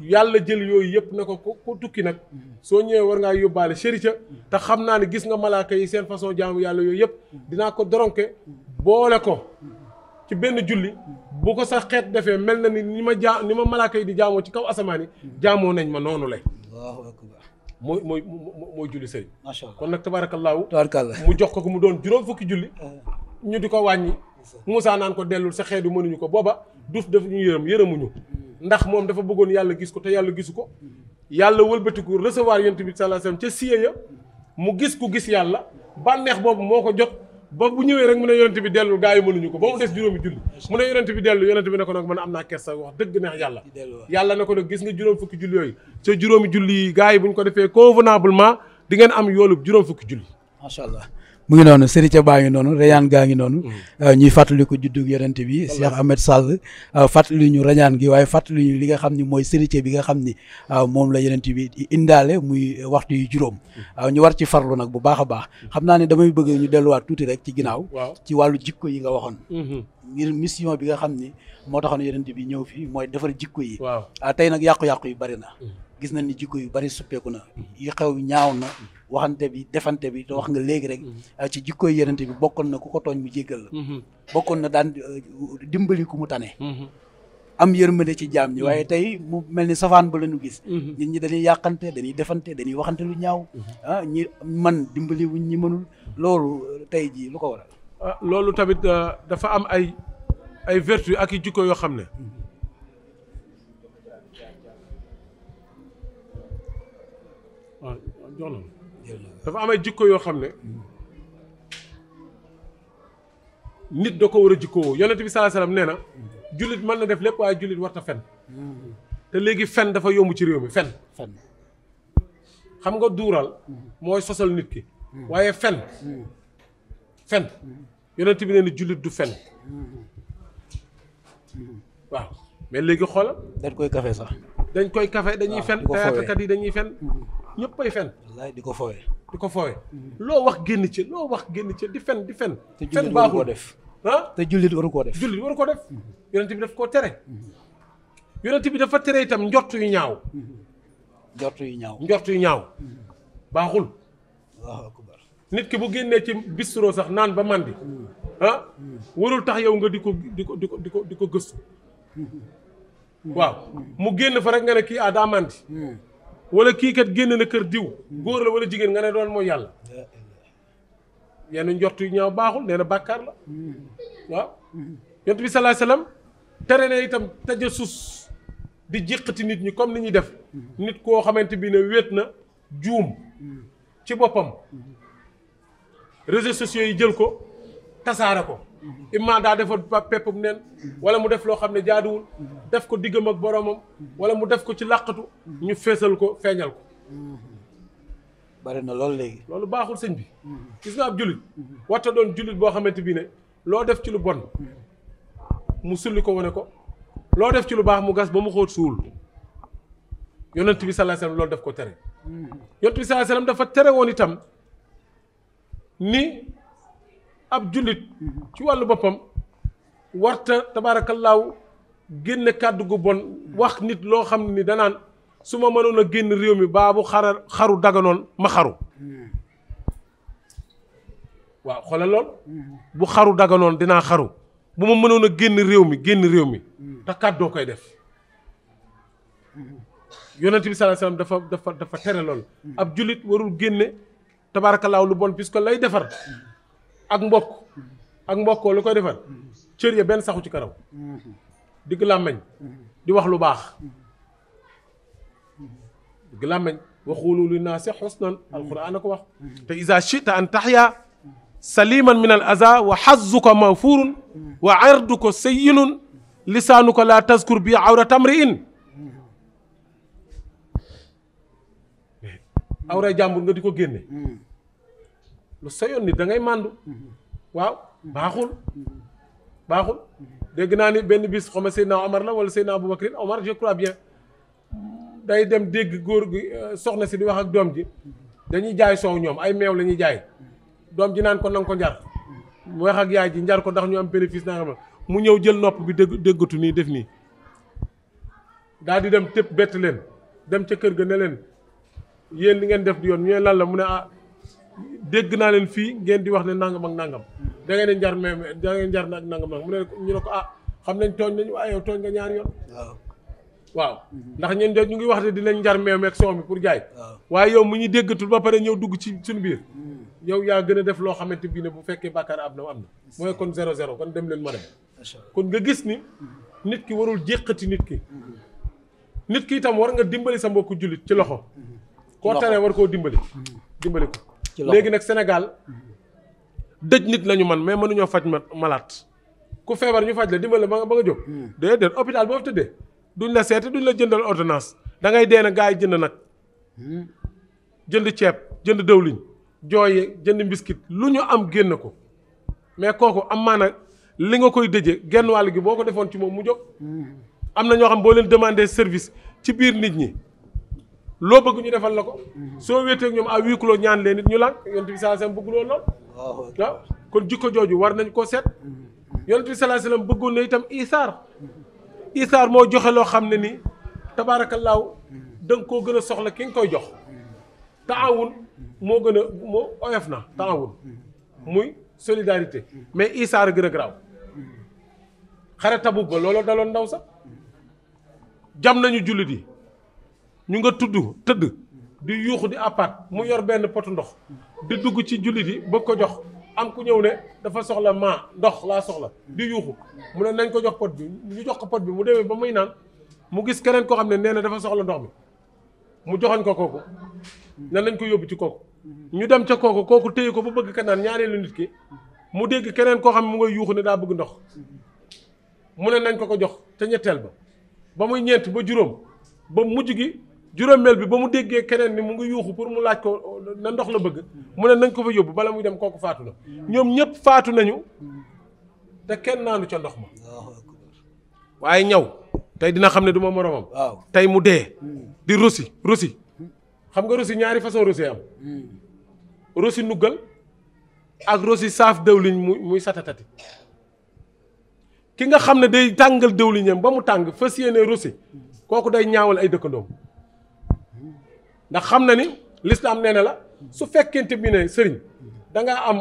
yàlla jël yooyu yëpp ne ko ko ku tukki nag soo ñëwee war ngaa yóbbaale chérita te xam naa ne gis nga malaaka yi seen façon jaamu yàlla yooyu yëpp dinaa ko doronke boole ko ci benn julli bu ko sax xeet defee mel na ni ni ma jaa ni ma malaaka yi di jaamoo ci kaw asamaan yi jaamoo nañ ma noonu lay mooy mooy mooy julli sëriñ. macha allah kon nag tabaarakallaahu. tabaarakallaa mu jox ko ko mu doon juróom fukki julli. Eh. ñu di ko wàññi. Moussa naan ko dellul sa xeetu mënuñu ko booba duuf daf ñu yërëm yërëmuñu. ndax moom dafa bëggoon yàlla gis ko te yàlla gisu ko. yàlla wëlbatiku recevoir yonent bi sallallaahu alayhi wa sallam ca mu gis ku gis yàlla bànneex boobu moo ko jot ba bu ñëwee rek mu ne yonent bi dellu gaa yi mënuñu ko ba mu des juróomi julli mu ne yonent bi dellu yonent bi ne ko nag man am naa kersa wax dëgg neex yàlla yàlla ne ko nag gis nga juróom fukki julli yooyu sa juróomi julli yi gaa yi ko ñu ko defee convenablement di ngeen am yoolub juróom fukki julli macha allah mu ngi noonu Serigne baa ngi noonu Rayane gaa ngi noonu. Mm. Euh, ñuy fàttali ko juddug yonente bi Cheikh Ahmed Sall euh, fàttali ñu Rayane gi waaye fàttali ñu li nga xam ni mooy Serigne bi nga xam ni euh, moom la yonente bi indaale muy waxtu yu juróom. Mm. ñu war ci farlu nag bu baax a baax mm. xam naa ne damay bëgg ñu delluwaat tuuti rek ci ginnaaw. ci wàllu yi nga waxoon. Mm-hmm. ngir mission bi nga xam ni moo taxoon yonente bi ñëw fii mooy defar jikko yi. waaw tey nag yàqu-yàqu yu bari na. gis nañ ni jikko yu bari suppeeku na. yi xew ñaaw na waxante bi defante bi te wax nga léegi rek mhm. ah, ci jikko yenente bi bokkoon na ku ko tooñ mu jéggal la mhm. bokkoon na daan euh, dimbali ku mu tane mhm. am yërmande ci jaam ñi waaye tey mu mel ni safaan ba la ñu gis ñi dañuy yàqante dañuy defante dañuy waxante lu ñaaw ah, ñi man dimbali wuñ ñi mënul loolu euh, tey jii lu ko waral ah, loolu tamit euh, dafa am ay ay vertu ak i jikko yoo xam ne dafa am jikko yoo xam ne nit da ko war a jikkoo yonent bi sallallahu nee na jullit mën na def lépp waaye jullit warta fen te léegi fen dafa yomb ci réew mi fen xam nga duural mooy sosal nit ki waaye fen fen yonent bi nee na jullit du fen waaw mais léegi xoolal dañ koy kafe sax dañ koy kafe dañuy fen théâtre kat yi dañuy fen ñëppay fen wallaay di ko fowee di ko foowe mm-hmm. loo wax génn ci loo wax génn ci di fen di fen fen baaxul def ah te jullit waru koo def jullit waru koo def mm-hmm. yonent bi daf koo tere mm-hmm. yonent bi dafa tere itam njort yu ñaaw njort yu ñaaw njort yu ñaaw baaxul waaw nit ki bu génnee ci bisturoo sax naan ba màndi ah warul tax yow nga di ko di ko di ko di ko di ko gëstu waaw mu génn fa rek nga ne kii ah daa màndi wala kii kat génn na kër diw góor la wala jigéen nga ne doon mooy yàlla yenn njort yu ñaaw baaxul nee na bàkkaar la waaw yonent bi sallallahu tere na itam tajasus di jéqati nit ñi comme ni ñuy def nit koo xamante bi ne wéet na juum ci boppam réseaux sociaux yi jël ko tasaare ko Mm-hmm. imma daa defar peppam neen mm-hmm. wala mu def loo xam ne jaaduwul mm-hmm. def ko diggam ak boroomam wala mu def ko ci làqatu ñu feesal ko feeñal ko bari na loolu léegi loolu baaxul sëñ bi gis nga ab jullit warta doon jullit boo xamante bi ne loo def ci lu bon mu sulli ko wone ko loo def ci lu baax mu gas ba mu xóot suul yonent bi sallallahu alayhi loolu def ko tere yonent bi sallallahu dafa tere woon itam ni ab jullit ci wàllu boppam warta tabaarakallaahu génne kàddu gu bon wax nit loo xam ni danaan su ma mënoon a génn réew mi xaru daganoon ma xaru waaw xoolal lool bu xaru daganoon dinaa xaru bu ma mënoon a génn réew mi génn réew mi te kàddoo koy def yonent bi sallallahu alayhi wasallam dafa dafa dafa tere lool ab jullit warul génne tabaarakallaahu lu bon puisque lay defar ak mbokk ak mbokkoo lu koy defal cër benn saxu ci karaw digg làmmeñ di wax lu baax digg làmmeñ waxulu li naasi xusnan alquran a ko wax te isa chita an taxya saliman min al aza wa xazuka wa arduka sayinun lisaanuka laa tazkur bi awra tamri awra jàmbur nga di ko génne lu sayoon nit da ngay màndu waaw baaxul baaxul dégg naa ni benn bis xaw ma Seydina Omar la wala Seydina Aboubacrine Omar je crois bien day dem dégg góor gi euh, soxna si di wax ak doom ji dañuy jaay soow ñoom ay meew lañuy jaay doom ji naan ko nanga ko njar mu wax ak yaay ji njar ko ndax ñu am bénéfice naa xam mu ñëw jël nopp bi dégg déggatu nii def nii daal di dem tëb bett leen dem ca kër ga ne leen yéen li ngeen def di yoon ñu lan la mu ne ah dégg naa leen fii ngeen di wax ne nangam ak nangam da ngeen di jar même da ngeen jar nag nangam mu ne ko ñu ne ko ah xam nañ tooñ nañ waaye yow nga ñaari yoon waaw ndax ñun de ñu ngi wax ne dinañ njar meew meeg son bi pour jaay waaye yow mu ñu déggatul ba pare ñëw dugg ci suñu biir hmm. yow yaa gën a def loo xamante bii ne bu fekkee bàkkaar ab na am na mooy kon zéro zéro kon dem leen ma dem kon nga gis ni nit ki warul jéqati nit ki nit ki itam war nga dimbali sa mbokku jullit ci loxo hmm. koo taree war koo dimbali hmm. dimbali ko léegi nag Sénégal dëj nit lañu man mais mënuñoo faj ma malaat ku feebar ñu faj la dimbale ba nga ba nga jóg. Hmm. déedéet hôpital boo fi tëddee duñu la seeti duñ la jëndal ordonnance da ngay dee na gaa jënd nag hmm. jënd ceeb jënd dëwliñ jooye jënd mbiskit lu ñu am génn ko mais kooku am maana li nga koy dëje genn wàll gi boo ko defoon ci moom mu jóg. Hmm. am na ñoo xam boo leen demandé service ci biir nit ñi. loo bëgg ñu defal la ko mhm. soo wéeteeg ñoom à huis ñaan leen nit ñu lànk yonent bi sallallahu alayhi wasallam bëgg loolu lool kon jikko jooju war nañ koo seet mhm. yonent bi sallallahu alayhi wasallam bëggoon na itam isaar isaar moo joxe loo xam ne ni tabaarakallaahu mhm. da nga koo gën a soxla ki koy jox taawun moo gën a moo oyof na taawun muy solidarité mais isaar gën a garaaw xare tabug ba looloo daloon ndaw sax jam nañu jullit yi ñu nga tudd tëdd di yuuxu di àppaat mu yor benn potu ndox di dugg ci jullit yi bëgg ko jox am ku ñëw ne dafa soxla maa ndox laa soxla di yuuxu mu ne nañ ko jox pot bi ñu jox ko pot bi mu demee ba muy naan mu gis keneen koo xam ne nee na dafa soxla ndox mi mu joxoñ ko kooku ne nañ ko yóbbu ci kooku ñu dem ca kooku kooku téye ko ba bëgg ka naan ñaareelu nit ki mu dégg keneen koo xam ne mu ngay yuuxu ne daa bëgg ndox mu ne nañ ko ko jox ca ñetteel ba ba muy ñeent ba juróom ba mujj gi juróomeel bi ba mu déggee keneen ni mu ngi yuuxu pour mu laaj ko na ndox la bëgg mu ne nañ ko fa yóbbu bala muy dem kooku faatu la ñoom ñëpp faatu nañu te kenn naanu ca ndox ma waaye ñaw tey dina xam ne du ma moromam tey mu dee hmm. di rosi rosi xam nga rosi ñaari façon rosi am hmm. rosi nuggal ak rosi saaf dëwliñ muy muy satatati ki nga xam ne day tàngal yam ba mu tàng fas yéene rosi kooku day ñaawal ay dëkkandoom ndax xam na ni lislaam nee na la su fekkente bi ne sëriñ da ngaa am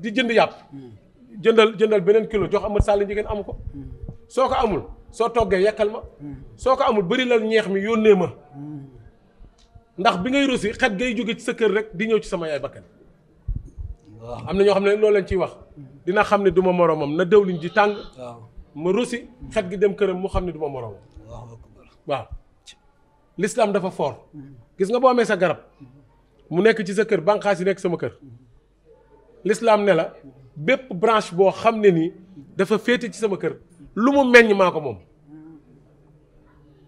di jënd yàpp jëndal jëndal beneen kilo jox Amadou Sall njigéen amu ko soo ko amul soo toggee yekkal ma soo ko amul bari la ñeex mi yónnee ma ndax bi ngay rosi xet ngay jóge ci sa kër rek di ñëw ci sama yaay bakkan am na ñoo xam ne loolu lañ ciy wax dina xam ne du ma moroomam na dëwliñ ji tàng ma rosi xet gi dem këram mu xam ne du ma moroomam waaw l'islam dafa foor hmm. gis nga boo amee sa garab mu nekk ci sa kër banqaas yi nekk sama kër lislaam ne la bépp branche boo xam ne nii dafa féete ci sama kër lu mu meññ maa ko moom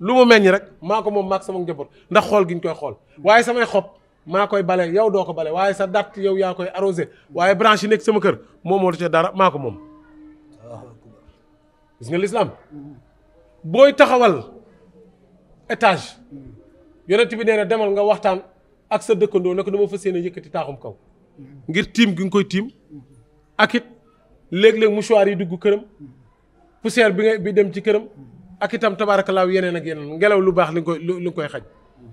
lu mu meññ rek maa ko moom maak sama njaboot ndax xool gi ñu koy xool waaye samay xob maa koy bale yow doo ko bale waaye sa date yow yaa koy arrosé waaye branche yi nekk sama kër moom moo ca dara maa ko moom gis nga lislaam mm-hmm. booy taxawal étage yonent bi nee na demal nga waxtaan ak sa dëkkandoo ne ko dama fas yéene yëkkati taaxum kaw ngir tiim gi nga koy tiim akit léeg-léeg mouchoir yi dugg këram poussière bi nga bi dem ci këram akitam itam tabaarakalaaw yeneen ak yeneen ngelaw lu baax li nga koy li nga koy xaj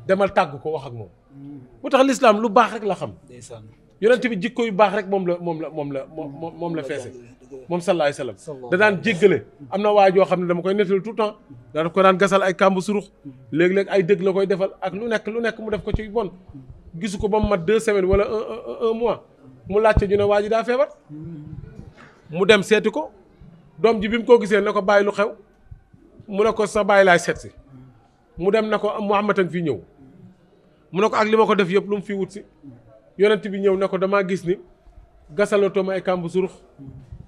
demal tàgg ko wax ak moom mu tax lislaam lu baax rek la xam yonent bi jikko yu baax rek moom la moom la moom la moom la feese moom sallallahu alayhi wasallam da daan jéggale am na waa joo xam ne dama koy nettali tout le temps daan ko daan gasal ay kàmb surux léegi léeg ay dëgg la koy defal ak lu nekk lu nekk mu def ko ci bon gisu ko ba mu mat deux semaine wala mois mu laajte ñu ne waa ji daa feebar mu dem seeti ko doom ji bi mu ko gisee ne ko bàyyi lu xew mu ne ko sa bàyyi laay seet si mu dem ne ko mu Muhammadan fii ñëw mu ne ko ak li ma ko def yëpp lu mu fi wut si yonent bi ñëw ne ko damaa gis ni gasalatoo ma ay kàmb surux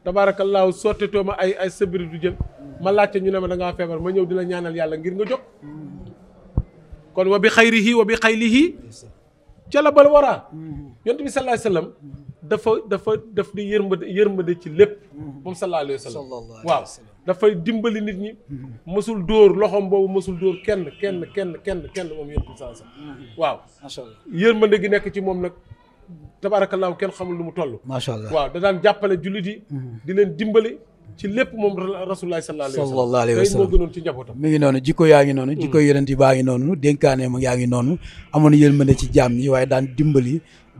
tabaarakallaahu sottetoo ma ay ay sëbiri du jën ma laajte ñu ne ma da ngaa feebar ma ñëw di la ñaanal yàlla ngir nga jóg kon wa bi xayrihi wa bi xaylihi ca la waraa yonent bi sallallahu dafa dafa daf di yërmande yërmande ci lépp moom sallallahu alayhi wasallam waaw dafay dimbali nit ñi mësul dóor loxoom boobu mësul dóor kenn kenn kenn kenn kenn moom yonent bi sallallahu alayhi mm-hmm. waaw yërmande gi nekk ci moom nag tabaarakallaahu kenn xamul lu mu toll. macha allah waaw da daan jàppale jullit yi. Mm-hmm. di leen dimbali. ci lépp moom rasulullah sallallahu alayhi wa sallam moo gënoon ci njabootam mi ngi noonu jikko yaa ngi noonu jikko mm. yonent yi baa ngi noonu dénkaane ma yaa ngi noonu amoon yërmande ci jaam yi waaye daan dimbali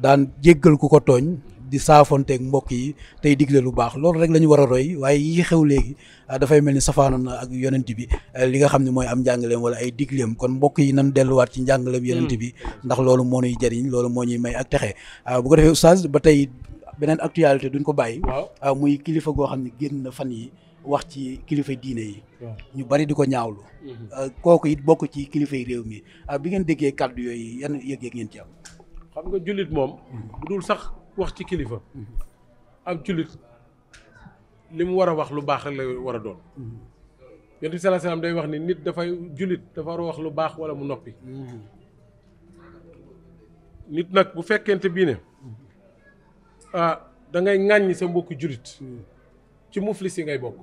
daan jéggal ku ko tooñ di saafonteeg mbokk yi tey digle lu baax loolu rek la ñu war a roy waaye yi xew léegi ah, dafay mel ni safaanoon na ak yonent bi eh, li nga xam ne mooy am njàngaleem wala ay digleem kon mbokk yi nan delluwaat ci njàngaleem yonent bi hmm. ndax loolu moo ñuy jëriñ loolu moo ñuy may ak texe ah, bu ko defee oustaz ba tey beneen actualité duñ ko ah, goo xam ne génn na fan yi wax ci kilifa diine yi ñu bari di ko ñaawlu hmm. kooku it bokk ci kilifa yi réew mi bi ngeen déggee kàddu yooyu yan yëg-yëg ngeen ci am xam nga jullit moom hmm. bu dul sax wax ci kilifa ab jullit li mu war a wax lu baax rek la war a doon yonent bi salaa salaam day wax ni nit dafay jullit dafa war a wax lu baax wala mu noppi nit nag bu fekkente bii ne ah da ngay ŋàññi sa mbokku jullit ci muflis yi ngay bokk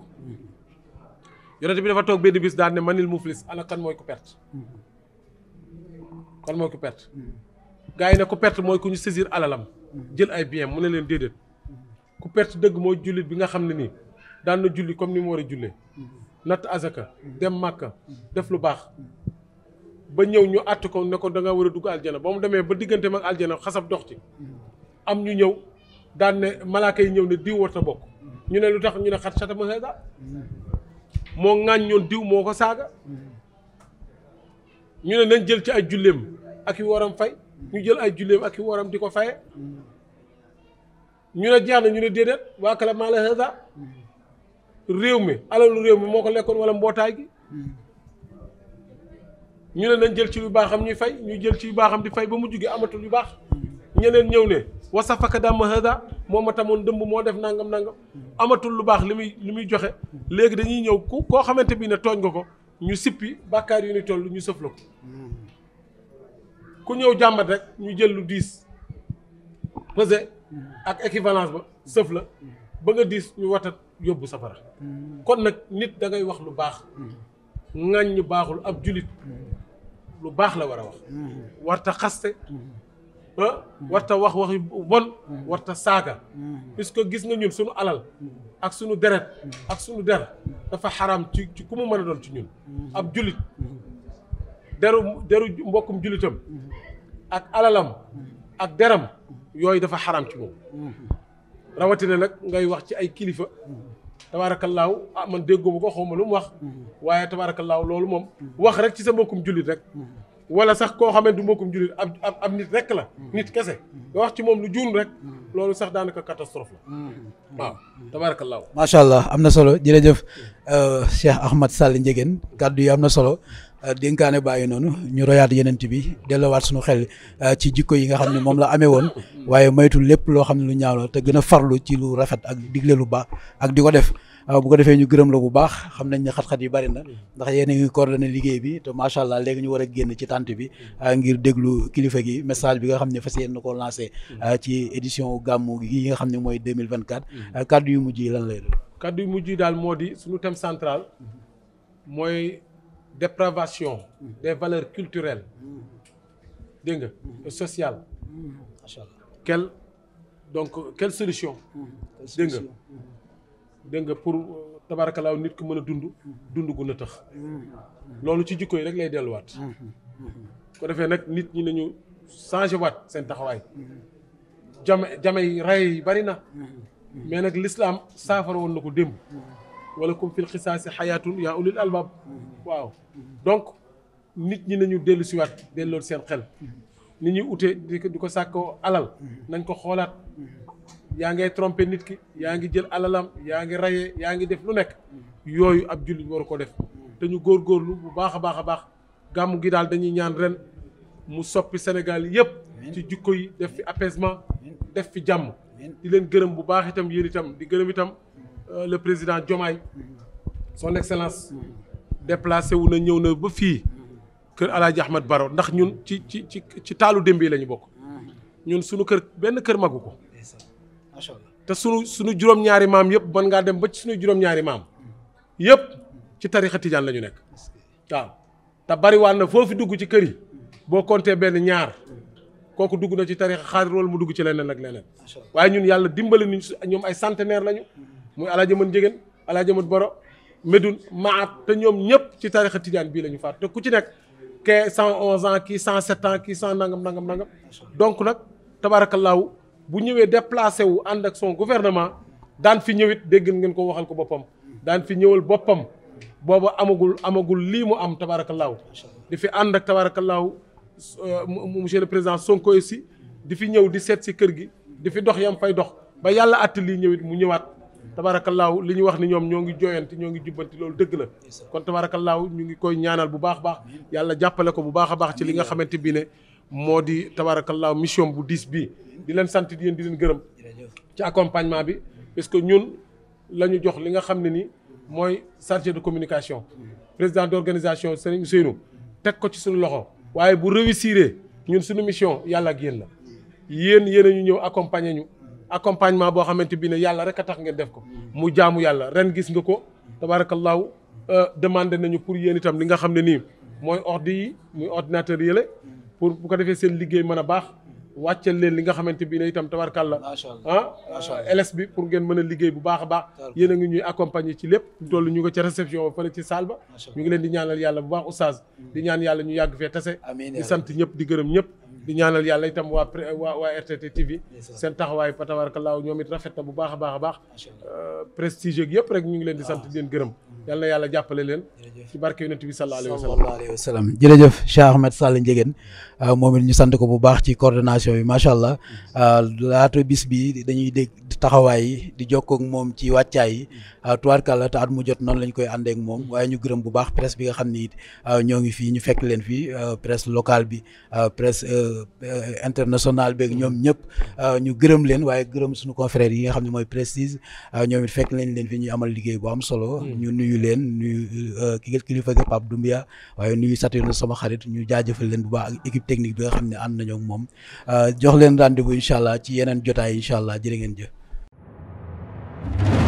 yonent bi dafa toog benn bis daal ne manil muflis ana kan mooy ku perte kan mooy ku perte gars yi ne ku perte mooy ku ñu saisir alalam jël ay bien mu ne leen déedéet ku perte dëgg mooy jullit bi nga xam ne nii daan na julli comme ni mu war a jullee natt azaka dem màkka def lu baax ba ñëw ñu àtt ko ne ko da nga war a dugg aljana ba mu demee ba diggante mag aljana xasab dox ci am ñu ñëw daan ne malaaka yi ñëw ne diw war sa bokk ñu ne lu tax ñu ne xat satama hada moo ŋaañ ñoon diw moo ko saaga ñu ne nañ jël ci ay julleem ak yu waram fay ñu jël ay julleem ak i woram di ko faye ñu ne jeex na ñu ne déedéet waa kala maa réew mi alalu réew mi moo ko lekkoon wala mbootaay gi ñu ne nañ jël ci lu baaxam ñuy fay ñu jël ci lu baaxam di fay ba mu jugee amatul yu baax ñeneen ñëw ne wasafaka dàmm hada moom ma tamoon dëmb moo def nangam nangam amatul lu baax li muy li muy joxe léegi dañuy ñëw ku koo xamante bi ne tooñ nga ko ñu sippi bàkkaar yu ni toll ñu sëf la ko ku ñëw jàmbat rek ñu jël lu diis pesé ak équivalence ba sëf la ba nga diis ñu watat yóbbu safara kon nag nit da ngay wax lu baax ŋàññ baaxul ab julit lu baax la war a wax warta xaste warta wax wax yu bon warta saaga puisque gis nga ñun suñu alal ak suñu deret ak suñu der dafa xaram ci ci ku mu mën a doon ci ñun ab julit deru deru mbokkum jullitam mm-hmm. ak alalam ak deram yooyu dafa xaram ci moom mm-hmm. rawatina nag ngay wax ci ay kilifa mm-hmm. tabaarakallaahu ah man déggoo ma ko xaw ma lu mu wax waaye tabaarakallaahu loolu moom wax rek ci sa mbokkum jullit rek wala sax koo xamante du mbokkum jullit ab ab nit rek la nit kese nga wax ci moom lu juun rek loolu sax daanaka catastrophe la waaw tabaarakallaahu macha allah am na solo jërëjëf euh, Cheikh Ahmad Sall Ndiéguène kàddu yi am na solo Euh, dénkaane bàyyi noonu ñu royaat yeneent bi dellowaat suñu xel euh, ci jikko yi nga xam ne moom la amee woon waaye moytu lépp loo xam ne lu ñaaw la te gën a farlu ci lu rafet ak digle lu baax ak di ko def euh, bu ko defee ñu gërëm la bu baax xam nañ ne xat-xat yi bari na ndax yéen a ngi coordonné liggéey bi te macha allah léegi ñu war a génn ci tànt bi ngir déglu kilifa gi message bi nga xam ne fas yéen na ko lancé ci édition gàmmu gi nga xam ne mooy 2024 kaddu yu mujj yi lan lay doon kaddu yu mujj yi daal moo di suñu thème central mooy dépravation des valeurs culturelles dégg nga et macha allah quelle donc quelle solution dégg nga dégg nga pour euh, tabarakalaaw nit ku mën a dund dund gu na tax loolu ci jikko yi rek lay delluwaat ko defee nag nit ñi nañu changé waat seen taxawaay jame jamey rey yi bari na mais nag l'islam saafara woon na ko démb wala kum fil xisaasi xayaatun yaa ulil albaab waaw donc nit ñi nañu dellu siwaat dellool seen xel ni ñuy ute di ko sàkkoo alal nañ ko xoolaat yaa ngay tromper nit ki yaa ngi jël alalam yaa ngi rayee yaa ngi def lu nekk yooyu ab jullit war ko def te ñu góorgóorlu bu baax a baax a baax gàmmu gi daal dañuy ñaan ren mu soppi Sénégal yëpp ci jukko yi def fi apaisement def fi jàmm di leen gërëm bu baax itam yéen itam di gërëm itam Euh, le président Diomaye son excellence déplacé wu na ñëw na ba fii kër Alaaji Ahmed Baro ndax ñun ci ci ci ci taalu démb yi lañu bokk ñun suñu kër benn kër magu ko te sunu sunu juróom-ñaari maam yëpp mën ngaa dem ba ci suñu juróom-ñaari maam yëpp ci tarixa tijaan la ñu nekk waaw te bariwaan na foofu dugg ci kër yi boo compté benn ñaar kooku dugg na ci tarixa xaadir wala mu dugg ci leneen ak leneen waaye ñun yàlla dimbali nañu ñoom ay centenaire lañu muy alaaji mën jigéen alaaji mën boro medun maat te ñoom ñëpp ci tarixa tijaan bii la ñu faat te ku ci nekk kee cent onze ans kii cent sept ans kii cent nangam nangam nangam donc nag tabaarakallaahu bu ñëwee déplacé wu ànd ak son gouvernement daan fi ñëwit dégg ngeen ko waxal ko boppam daan fi ñëwal boppam booba amagul amagul lii mu am tabaarakallaahu di fi ànd ak tabaarakallaahu euh, monsieur le président Sonko si di fi ñëw di seet si kër gi di fi dox yam fay dox ba yàlla àtt lii ñëwit mu ñëwaat tabaarakallaahu li ñu wax ni ñoom ñoo ngi jooyanti ñoo ngi jubbanti loolu dëgg la kon tabaarakallaahu ñu ngi koy ñaanal bu baax baax yàlla jàppale ko bu baax a baax ci li nga xamante bi ne moo di tabaarakallaahu mission bu diis bii di leen sant yéen di leen gërëm ci accompagnement bi parce que ñun la ñu jox li nga xam ne ni mooy chargé de communication président d'organisation Serigne Seynou teg ko ci suñu loxo waaye bu réussir ñun suñu mission yàlla ak yéen la yéen yéen ñu ñëw accompagner ñu accompagnement boo xamante bii ne yàlla rek a tax ngeen def ko mu jaamu yàlla ren gis nga ko tabaarakallaahu euh, demandé nañu pour yéen itam li nga xam ne nii mooy ordi yi muy ordinateur yële pour bu ko defee seen liggéey mën a baax wàcceel leen li nga xamante bi ne itam tabarkalla ah euh, LS bi pour ngeen mën a liggéey bu baax a baax yéen a ngi ñuy accompagner ci lépp toll ñu ko ca réception ba fële ci salle ba ñu ngi leen di ñaanal yàlla bu baax oustaz mm. di yàlla ñu yàgg fee tase di sant ñëpp di gërëm ñëpp di ñaanal yàlla itam waa waa waa RTT TV. seen taxawaay patawarkalaaw ñoom it rafet na bu baax a baax a baax. Euh, prestige ak yëpp rek ñu ngi leen di sant ah. di gërëm. Mm-hmm. yal yàlla jàppale leen. ci barke yonent bi Ahmed Sall Ndiéguène euh, moom it ñu sant ko bu baax ci coordination bi macha allah mm-hmm. euh, laata bis bi dañuy dégg. taxawaay di jokkook moom ci wàccaay yi ah, tubaarkàlla te at mu jot noonu lañ koy àndeek moom waaye ñu gërëm bu baax presse bi nga xam ne it ah, ñoo ngi fii ñu fekk leen fii ah, presse locale bi presse euh, euh, internationale beeg ñoom ñëpp ñu gërëm leen waaye gërëm suñu confrères yi nga xam ne mooy prestige ñoom it fekk lañ leen fi ñuy amal liggéey bu am solo hmm. ñu nuyu leen nuyu euh, kilifa gi Pape Doumbia waaye nuyu Saturne sama xarit ñu jaajëfal leen bu baax ak équipe technique bi nga xam ne ànd nañoo ak moom jox leen rendez-vous incha allah ci yeneen jotaay incha allah jërë ngeen Thank you.